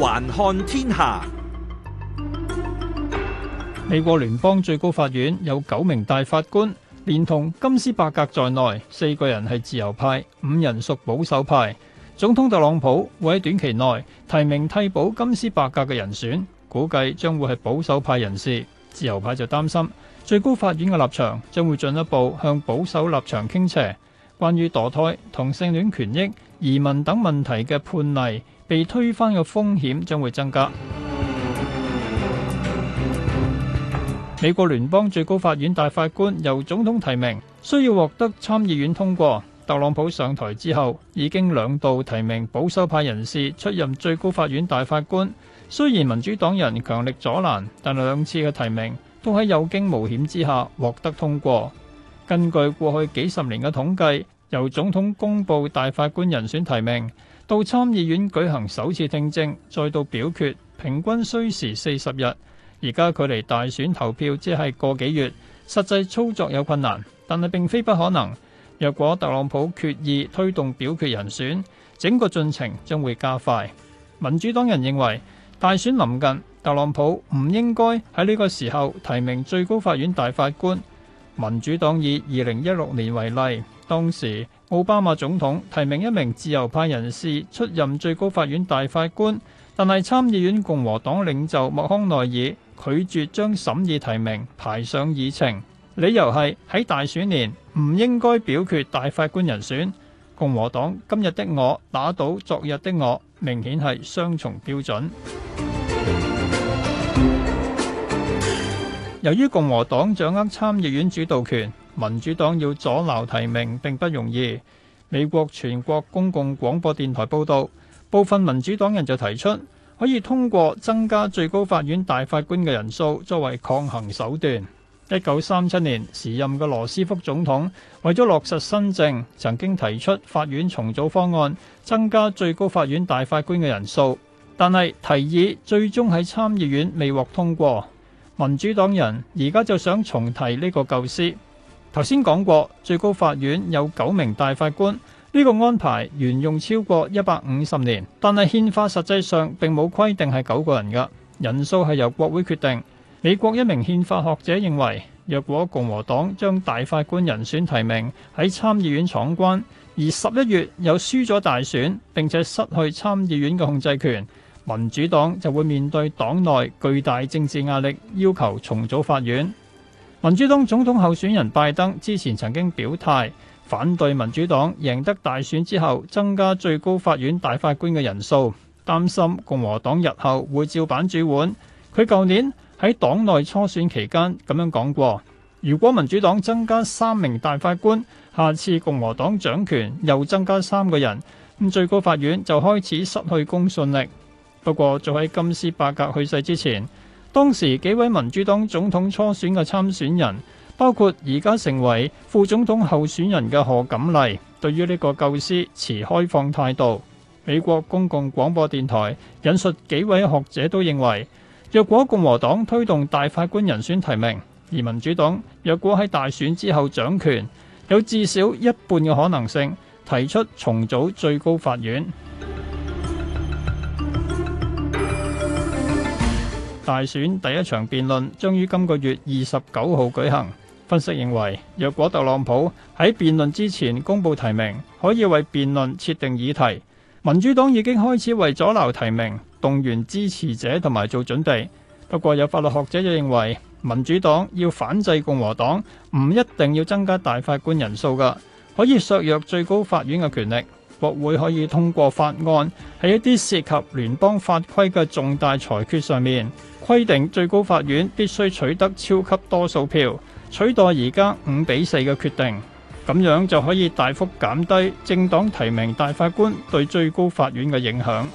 環看天下，美國聯邦最高法院有九名大法官，連同金斯伯格在內，四個人係自由派，五人屬保守派。總統特朗普會喺短期內提名替補金斯伯格嘅人選，估計將會係保守派人士。自由派就擔心，最高法院嘅立場將會進一步向保守立場傾斜。關於墮胎、同性戀權益、移民等問題嘅判例，被推翻嘅風險將會增加。美國聯邦最高法院大法官由總統提名，需要獲得參議院通過。特朗普上台之後，已經兩度提名保守派人士出任最高法院大法官。雖然民主黨人強力阻攔，但兩次嘅提名都喺有驚無險之下獲得通過。根據過去幾十年嘅統計，由總統公布大法官人選提名，到參議院舉行首次聽證，再到表決，平均需時四十日。而家距離大選投票只係個幾月，實際操作有困難，但係並非不可能。若果特朗普決意推動表決人選，整個進程將會加快。民主黨人認為，大選臨近，特朗普唔應該喺呢個時候提名最高法院大法官。民主黨以二零一六年為例，當時，奧巴馬總統提名一名自由派人士出任最高法院大法官，但係參議院共和黨領袖麥康奈爾拒絕將審議提名排上議程，理由係喺大選年唔應該表決大法官人選。共和黨今日的我打倒昨日的我，明顯係雙重標準。由於共和黨掌握參議院主導權。民主黨要阻撓提名並不容易。美國全國公共廣播電台報道，部分民主黨人就提出，可以通過增加最高法院大法官嘅人數作為抗衡手段。一九三七年，時任嘅羅斯福總統為咗落實新政，曾經提出法院重組方案，增加最高法院大法官嘅人數，但係提議最終喺參議院未獲通過。民主黨人而家就想重提呢個舊思。頭先講過，最高法院有九名大法官，呢個安排沿用超過一百五十年。但係憲法實際上並冇規定係九個人噶，人數係由國會決定。美國一名憲法學者認為，若果共和黨將大法官人選提名喺參議院闖關，而十一月有輸咗大選，並且失去參議院嘅控制權，民主黨就會面對黨內巨大政治壓力，要求重組法院。民主黨總統候選人拜登之前曾經表態反對民主黨贏得大選之後增加最高法院大法官嘅人數，擔心共和黨日後會照板煮碗。佢舊年喺黨內初選期間咁樣講過：如果民主黨增加三名大法官，下次共和黨掌權又增加三個人，咁最高法院就開始失去公信力。不過，早喺金斯伯格去世之前。當時幾位民主黨總統初選嘅參選人，包括而家成為副總統候選人嘅何錦麗，對於呢個構思持開放態度。美國公共廣播電台引述幾位學者都認為，若果共和黨推動大法官人選提名，而民主黨若果喺大選之後掌權，有至少一半嘅可能性提出重組最高法院。大選第一場辯論將於今個月二十九號舉行。分析認為，若果特朗普喺辯論之前公布提名，可以為辯論設定議題。民主黨已經開始為阻撓提名，動員支持者同埋做準備。不過，有法律學者就認為，民主黨要反制共和黨，唔一定要增加大法官人數㗎，可以削弱最高法院嘅權力。國會可以通過法案，喺一啲涉及聯邦法規嘅重大裁決上面，規定最高法院必須取得超級多數票，取代而家五比四嘅決定，咁樣就可以大幅減低政黨提名大法官對最高法院嘅影響。